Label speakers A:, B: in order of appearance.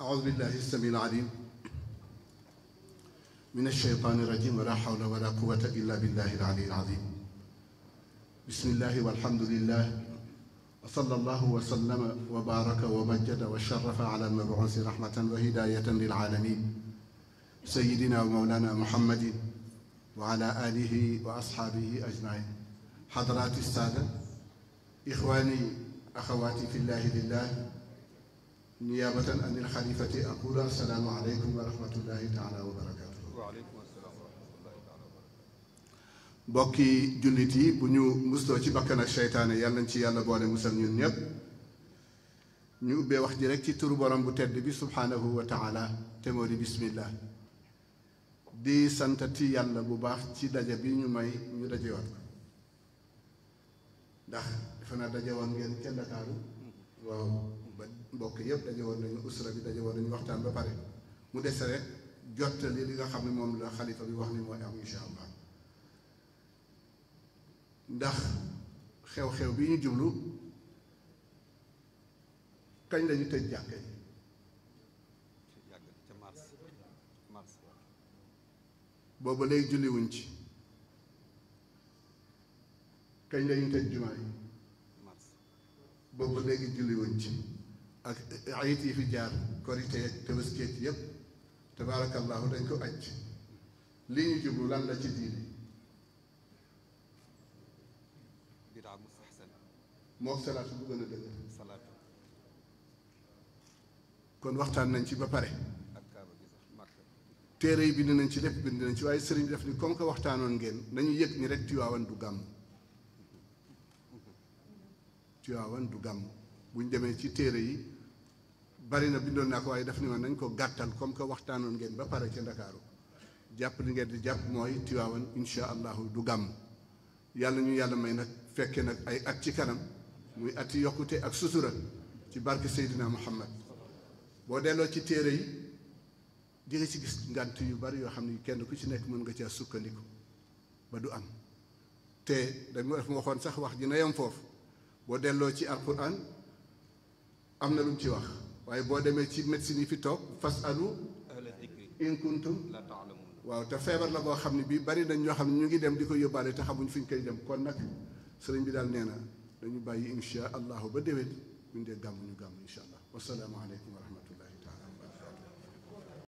A: أعوذ بالله السميع العليم من الشيطان الرجيم ولا حول ولا قوة إلا بالله العلي العظيم بسم الله والحمد لله وصلى الله وسلم وبارك ومجد وشرف على المبعوث رحمة وهداية للعالمين سيدنا ومولانا محمد وعلى آله وأصحابه أجمعين حضرات السادة إخواني أخواتي في الله لله niyaabatan anil xalifati aqulu assalaamu aleykum wa rahmatullahi taala wa barakaatu mbokki jullit yi bu ñu musloo ci bakkan ak seytaane yàlla nañ ci yàlla boole musal ñun ñépp ñu ubbee wax ji rek ci turu borom bu tedd bi subhaanahu wa taala te moo di bismillah di santati yàlla bu baax ci daje bi ñu may ñu dajewaat ndax dafa naa dajewoon ngeen ca Ndakaaru waaw ba mbokk yëpp daje woon nañu usra bi daje woon nañu waxtaan ba pare mu dese rek jottali li nga xam ne moom la xalifa bi wax ni mooy am insha allah ndax xew-xew bi ñu jublu kañ lañu tëj jàkke yi booba léegi julli wuñ ci kañ lañu tëj jumaa boobu léegi julli wuñ ci ak ayit yi fi jaar korite tëbaskeet yépp tabaarakallaahu dañ ko aj li ñu jublu lan la ci diini moo salaatu bu gën a dëgg kon waxtaan nañ ci ba pare téere yi bind nañ ci lépp bind nañ ci waaye sëriñ def ni comme que waxtaanoon ngeen nañu yëg ni rek Tiwaawan du gàmm Tiwaawan du gàmm buñ demee ci téere yi bari na bindoon naa ko waaye daf ni ma nañ ko gàttal comme que waxtaanoon ngeen ba pare ca ndakaaru jàpp li ngeen di jàpp mooy Tiwaawan insha allahu du gàmm yàlla ñu yàlla may nag fekke nag ay at ci kanam muy ati yokkute ak susura ci barke Seydina Muhammad boo delloo ci téere yi di nga ci gis ngànt yu bari yoo xam ne kenn ku ci nekk mën nga caa sukkandiku ba du am te dañ ma waxoon sax wax ji na yam foofu boo delloo ci alquran am na lu mu ci wax waaye boo demee ci médecine yi fi toog fas alu in kuntum waaw te feebar la boo xam ne bii bari nañ ñoo xam ne ñu ngi dem di ko yóbbaale te xamuñ fi ñu koy dem kon nag sëriñ bi daal nee na dañu bàyyi insha allahu ba déwén ñu dee gàmm ñu gàmm insha allah wasalaamu aleykum wa rahmatullah